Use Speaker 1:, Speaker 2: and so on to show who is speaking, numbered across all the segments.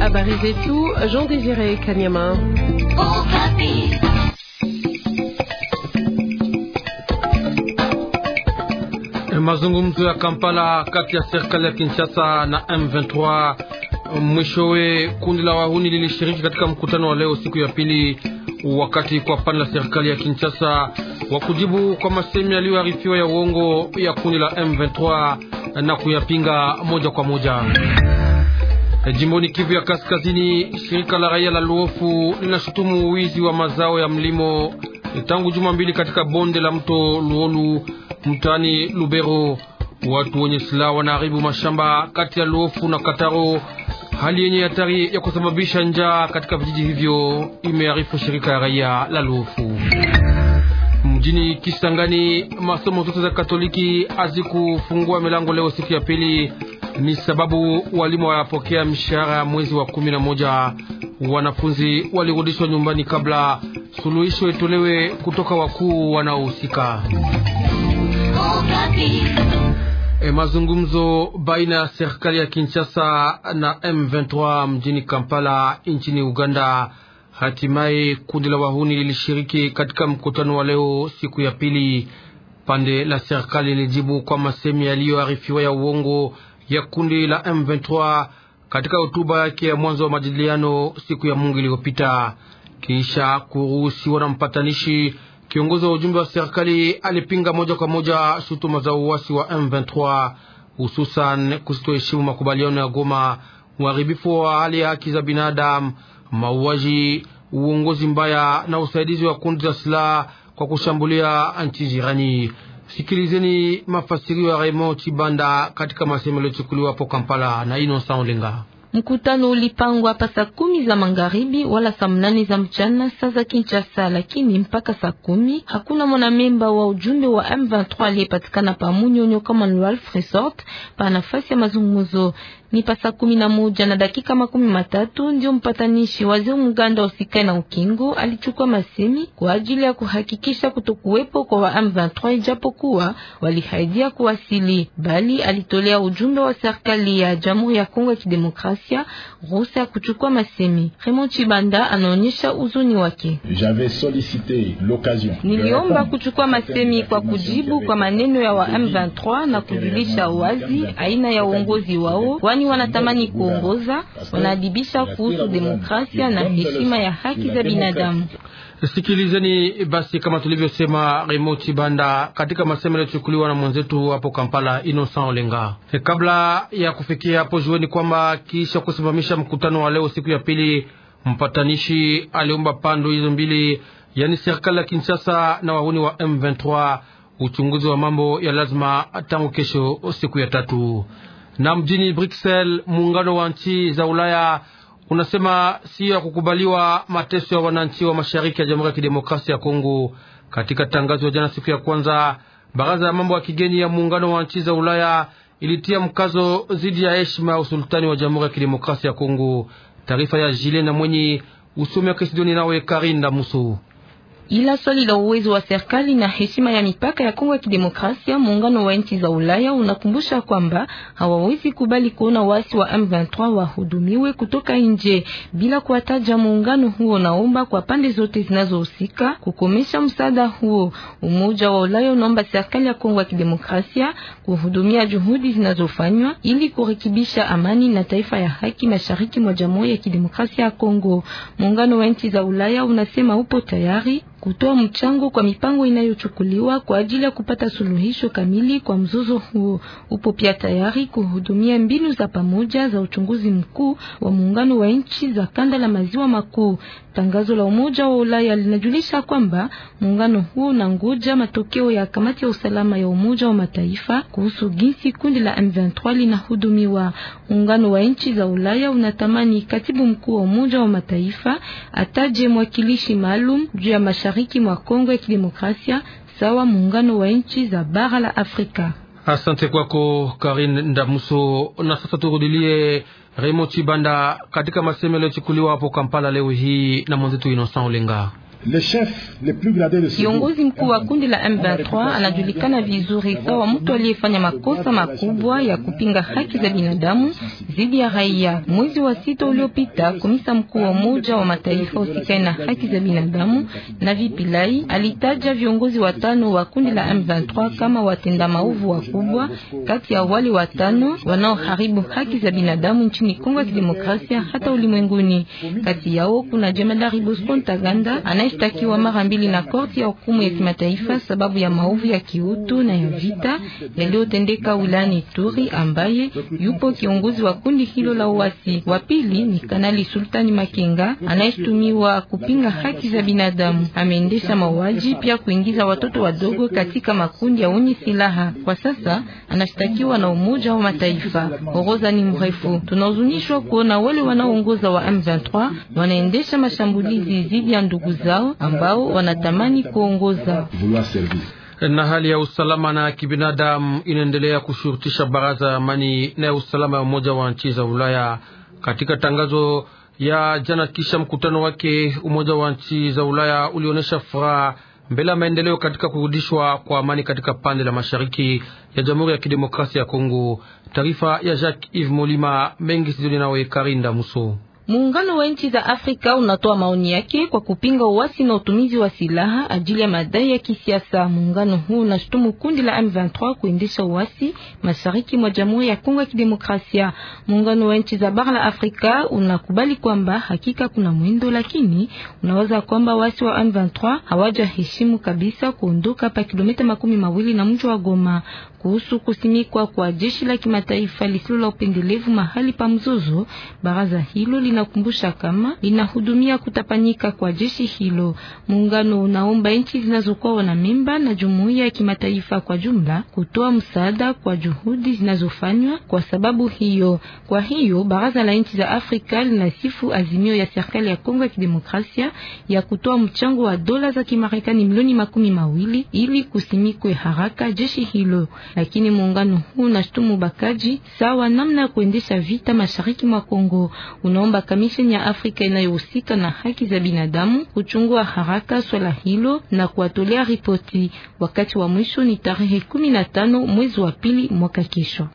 Speaker 1: Habari zetu Jean Désiré
Speaker 2: Kanyama. Mazungumzo ya Kampala kati ya serikali ya Kinshasa na M23 mwishowe, kundi la wahuni lilishiriki katika mkutano wa leo siku ya pili, wakati kwa pande la serikali ya Kinshasa wa kujibu kwa masemi yaliyoharifiwa ya uongo ya kundi la M23 na kuyapinga moja kwa moja. Jimboni Kivu ya Kaskazini, shirika la raia la Luofu linashutumu wizi wa mazao ya mlimo tangu juma mbili katika bonde la mto Luolu mtaani Lubero. Watu wenye silaha wanaharibu mashamba kati ya Luofu na Kataro, hali yenye hatari ya kusababisha njaa katika vijiji hivyo, imearifu shirika ya raia la Luofu. Mjini Kisangani masomo zote za Katoliki hazikufungua milango leo siku ya pili, ni sababu walimu wayapokea mshahara mwezi wa kumi na moja. Wanafunzi walirudishwa nyumbani kabla suluhisho itolewe kutoka wakuu wanaohusika. E, mazungumzo baina ya serikali ya Kinshasa na M23 mjini Kampala nchini Uganda Hatimaye kundi la wahuni lilishiriki katika mkutano wa leo siku ya pili. Pande la serikali lilijibu kwa masemi yaliyoarifiwa ya uongo ya kundi la M23 katika hotuba yake ya mwanzo wa majadiliano siku ya Mungu iliyopita. Kisha kuruhusiwa na mpatanishi, kiongozi wa ujumbe wa serikali alipinga moja kwa moja shutuma za uasi wa M23, hususan kusitoheshimu makubaliano ya Goma, uharibifu wa hali ya haki za binadamu mauaji, uongozi mbaya na usaidizi wa kundi za silaha kwa kushambulia nchi jirani. Sikilizeni mafasirio ya Raymond Chibanda katika masemo yaliyochukuliwa hapo Kampala na Innocent Olenga.
Speaker 1: Mkutano ulipangwa pa saa kumi za magharibi wala saa mnane za mchana saa za Kinshasa, lakini mpaka saa kumi hakuna mwanamemba wa ujumbe wa M23 aliyepatikana pa Munyonyo kama Resort pa nafasi ya mazungumzo. Ni pa saa kumi na moja na dakika makumi matatu ndio mpatanishi waziri muganda usikae na ukingo alichukua masemi kwa ajili ya kuhakikisha kutokuwepo kwa wa M23, ijapokuwa walihaidia kuwasili, bali alitolea ujumbe wa serikali ya Jamhuri ya Kongo ya Kidemokrasia ghasia, ruhusa ya kuchukua masemi. Raymond Chibanda anaonyesha uzuni
Speaker 3: wake. Niliomba
Speaker 1: kuchukua masemi kwa kujibu kwa maneno ya wa M23 na kujulisha wazi aina ya uongozi wao, kwani wanatamani kuongoza, wanaadibisha kuhusu demokrasia na heshima ya haki za binadamu.
Speaker 2: Sikilizeni basi kama tulivyosema remoti banda katika masemo yaliyochukuliwa na mwenzetu hapo Kampala, Innocent Olenga. E, kabla ya kufikia hapo, jueni kwamba kisha kusimamisha mkutano wa leo siku ya pili, mpatanishi aliomba pando hizo mbili, yani serikali ya Kinshasa na wahuni wa M23 uchunguzi wa mambo ya lazima tangu kesho siku ya tatu, na mjini Bruxelles muungano wa nchi za Ulaya unasema siyo ya kukubaliwa mateso ya wananchi wa mashariki ya Jamhuri ya Kidemokrasia ya Kongo. Katika tangazo ya jana siku ya kwanza, baraza ya mambo ya kigeni ya muungano wa nchi za Ulaya ilitia mkazo dhidi ya heshima ya usultani wa Jamhuri ya Kidemokrasia ya Kongo. Taarifa ya Jile na Mwenyi, usomi wa Kisidoni nawe Karinda Musu
Speaker 1: ila swali la uwezo wa serikali na heshima ya mipaka ya Kongo ya Kidemokrasia, muungano wa nchi za Ulaya unakumbusha kwamba hawawezi kubali kuona wasi wa M23 wahudumiwe kutoka nje. Bila kuwataja muungano huo, naomba kwa pande zote zinazohusika kukomesha msaada huo. Umoja wa Ulaya unaomba serikali ya Kongo ya Kidemokrasia kuhudumia juhudi zinazofanywa ili kurekebisha amani na taifa ya haki mashariki mwa Jamhuri ya Kidemokrasia ya Kongo. Muungano wa nchi za Ulaya unasema upo tayari kutoa mchango kwa mipango inayochukuliwa kwa ajili ya kupata suluhisho kamili kwa mzozo huo. Upo pia tayari kuhudumia mbinu za pamoja za uchunguzi mkuu wa muungano wa nchi za kanda la maziwa makuu. Tangazo la Umoja wa Ulaya linajulisha kwamba muungano huo unangoja matokeo ya kamati ya usalama ya Umoja wa Mataifa kuhusu jinsi kundi la M23 linahudumiwa. Muungano wa nchi za Ulaya unatamani katibu mkuu wa Umoja wa Mataifa ataje mwakilishi maalum juu ya masharti mashariki mwa Kongo ya Kidemokrasia sawa muungano wa nchi za bara la Afrika.
Speaker 2: Asante kwako Karin Ndamuso. Na sasa turudilie Remo Chibanda katika masemo yaliyochukuliwa hapo Kampala leo hii na mwenzetu Innocent Olenga. Kiongozi
Speaker 1: mkuu wa kundi la M23 anajulikana vizuri sawa mtu aliyefanya makosa makubwa ya kupinga haki za binadamu dhidi ya raia. Mwezi wa sita uliopita, komisa mkuu wa Umoja wa Mataifa usikae na haki za binadamu na vipilai alitaja viongozi watano wa kundi la M23 kama watenda maovu wakubwa, kati ya wale watano wanaoharibu haki za binadamu nchini Kongo ya Kidemokrasia hata ulimwenguni. Kati yao kuna jemadari Bosco Ntaganda anaye alishtakiwa mara mbili na korti ya hukumu ya kimataifa sababu ya maovu ya kiutu na ya vita yaliyotendeka wilani Turi, ambaye yupo kiongozi wa kundi hilo la uasi. Wa pili ni Kanali Sultani Makenga anayeshtumiwa kupinga haki za binadamu, ameendesha mauaji pia kuingiza watoto wadogo katika makundi ya wenye silaha. Kwa sasa anashtakiwa na Umoja wa Mataifa. Oroza ni mrefu. Tunahuzunishwa kuona wale wanaoongoza wa M23 wanaendesha mashambulizi dhidi ya ndugu zao wao ambao wanatamani kuongoza
Speaker 2: na hali ya usalama na kibinadamu inaendelea kushurutisha baraza ya amani na ya usalama ya Umoja wa Nchi za Ulaya. Katika tangazo ya jana kisha mkutano wake, Umoja wa Nchi za Ulaya ulionyesha furaha mbele ya maendeleo katika kurudishwa kwa amani katika pande la mashariki ya Jamhuri ya Kidemokrasia ya Kongo. Taarifa ya Jacques Yves Molima mengi sizoni nawe Karinda Muso.
Speaker 1: Muungano wa nchi za Afrika unatoa maoni yake kwa kupinga uasi na utumizi wa silaha ajili ya madai ya kisiasa. Muungano huu unashutumu kundi la M23 kuendesha uasi mashariki mwa Jamhuri ya Kongo ya Kidemokrasia. Muungano wa nchi za bara la Afrika unakubali kwamba hakika kuna mwendo, lakini unawaza kwamba wasi wa M23 hawajaheshimu kabisa kuondoka pa kilomita makumi mawili na mji wa Goma. Kuhusu kusimikwa kwa jeshi la kimataifa lisilo la upendelevu mahali pa mzozo, baraza hilo li inakumbusha kama inahudumia kutapanyika kwa jeshi hilo. Muungano unaomba nchi zinazokuwa na mimba na jumuiya ya kimataifa kwa jumla kutoa msaada kwa juhudi zinazofanywa kwa sababu hiyo. Kwa hiyo baraza la nchi za Afrika linasifu azimio ya serikali ya Kongo ya Kidemokrasia ya kutoa mchango wa dola za Kimarekani milioni makumi mawili ili kusimikwe haraka jeshi hilo, lakini muungano huu unashutumu bakaji sawa namna ya kuendesha vita mashariki mwa Kongo unaomba kamisheni ya Afrika inayohusika na haki za binadamu kuchungua haraka swala hilo na kuwatolea ripoti. Wakati wa mwisho ni tarehe 15 mwezi wa pili mwaka kesho.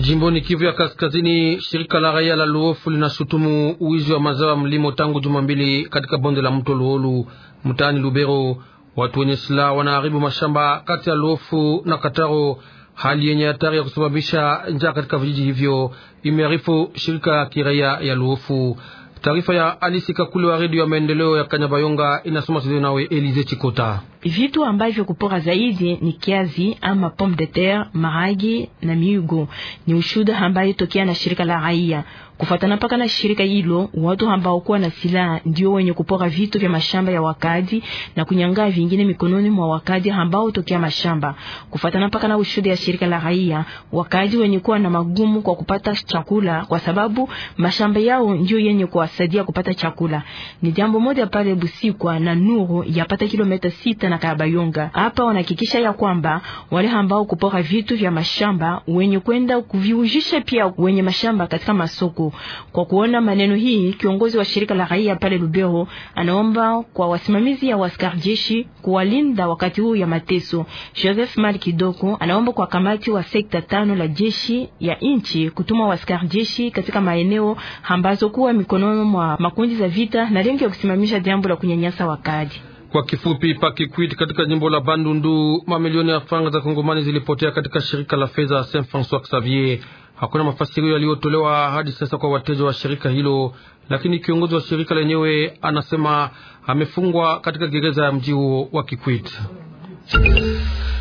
Speaker 2: Jimboni Kivu ya Kaskazini, shirika la raia la Luofu linashutumu uwizi wa mazao ya mlimo tangu juma mbili katika bonde la mto Luolu mtaani Lubero. Watu wenye silaha wanaharibu mashamba kati ya Luofu na Kataro hali yenye hatari ya kusababisha njaa katika vijiji hivyo, imearifu shirika ya kiraia ya Luofu. Taarifa ya Alisi Kakule wa redio ya maendeleo ya Kanyabayonga inasoma sizo nawe Elize Chikota.
Speaker 4: Vitu ambavyo kupora zaidi ni kiazi ama pomme de terre, maragi na miugo. Ni ushuda ambayo tokea na shirika la raia Kufatana paka na shirika hilo, watu ambao kuwa na silaha ndio wenye kupora vitu vya mashamba ya wakadi na kunyanga vingine mikononi mwa wakadi ambao tokea mashamba. Kufatana paka na ushuhuda ya shirika la raia, wakadi wenye kuwa na magumu kwa kupata chakula kwa sababu mashamba yao ndio yenye kuwasaidia kupata chakula. Ni jambo moja pale Busikwa na Nuru yapata kilomita sita na Kabayonga. Hapa wanahakikisha ya kwamba wale ambao kupora vitu vya mashamba wenye kwenda kuviujisha pia wenye mashamba katika masoko kwa kuona maneno hii, kiongozi wa shirika la raia pale Lubero anaomba kwa wasimamizi ya waskari jeshi kuwalinda wakati huu ya mateso. Joseph Malkidoko Kidoko anaomba kwa kamati wa sekta tano la jeshi ya nchi kutuma waskari jeshi katika maeneo ambazo kuwa mikononi mwa makundi za vita na lengo ya kusimamisha jambo la kunyanyasa wakati
Speaker 2: kwa kifupi Pakikwit katika jimbo la Bandundu, mamilioni ya franga za Kongomani zilipotea katika shirika la fedha Saint Francois Xavier. Hakuna mafasirio yaliyotolewa hadi sasa kwa wateja wa shirika hilo, lakini kiongozi wa shirika lenyewe anasema amefungwa katika gereza ya mji huo wa Kikwit.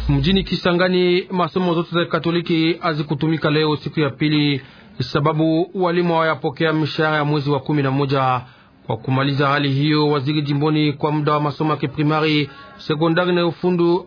Speaker 2: Mjini Kisangani, masomo zote za Katoliki hazikutumika leo siku ya pili, sababu walimu hawayapokea mishahara ya mwezi wa kumi na moja. Kwa kumaliza hali hiyo, waziri jimboni kwa muda wa masomo ya kiprimari, sekondari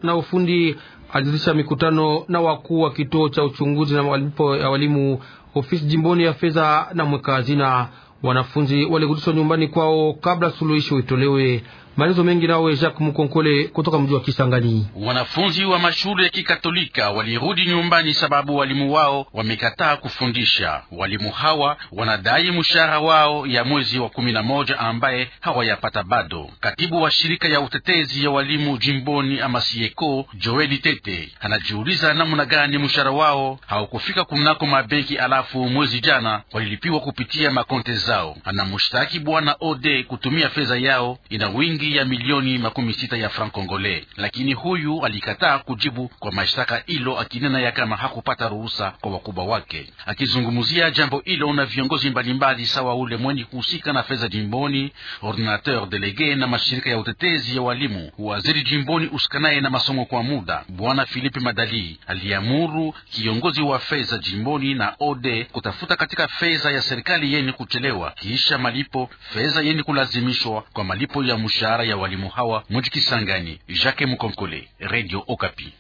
Speaker 2: na ufundi alianzisha mikutano na wakuu wa kituo cha uchunguzi na malipo ya walimu, ofisi jimboni ya fedha na mweka hazina. Wanafunzi walirudishwa nyumbani kwao kabla suluhisho itolewe. Maelezo mengi nawe Jacques Mukonkole kutoka mji wa Kisangani.
Speaker 3: Wanafunzi wa mashule ya Kikatolika walirudi nyumbani sababu walimu wao wamekataa kufundisha. Walimu hawa wanadai mshahara wao ya mwezi wa kumi na moja ambaye hawayapata bado. Katibu wa shirika ya utetezi ya walimu jimboni Amasieko, Joeli Tete, anajiuliza namna gani mshahara wao haukufika kunako mabenki, alafu mwezi jana walilipiwa kupitia makonte zao. Anamshtaki bwana Ode kutumia fedha yao ina wingi shilingi ya milioni makumi sita ya franc congolais, lakini huyu alikataa kujibu kwa mashtaka hilo, akinena ya kama hakupata ruhusa kwa wakubwa wake. Akizungumzia jambo hilo na viongozi mbalimbali sawa ule mwenye kuhusika na fedha jimboni, ordinateur delege na mashirika ya utetezi ya walimu, waziri jimboni usikanaye na masomo kwa muda, bwana Philipe Madali aliamuru kiongozi wa fedha jimboni na ode kutafuta katika fedha ya serikali yenye kuchelewa kisha malipo fedha yenye kulazimishwa kwa malipo ya mshahara mishahara ya walimu hawa mujikisangani. Jacques Mukonkole, Radio Okapi.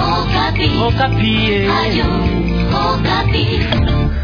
Speaker 2: Okapi. Okapi. Eh. Okapi.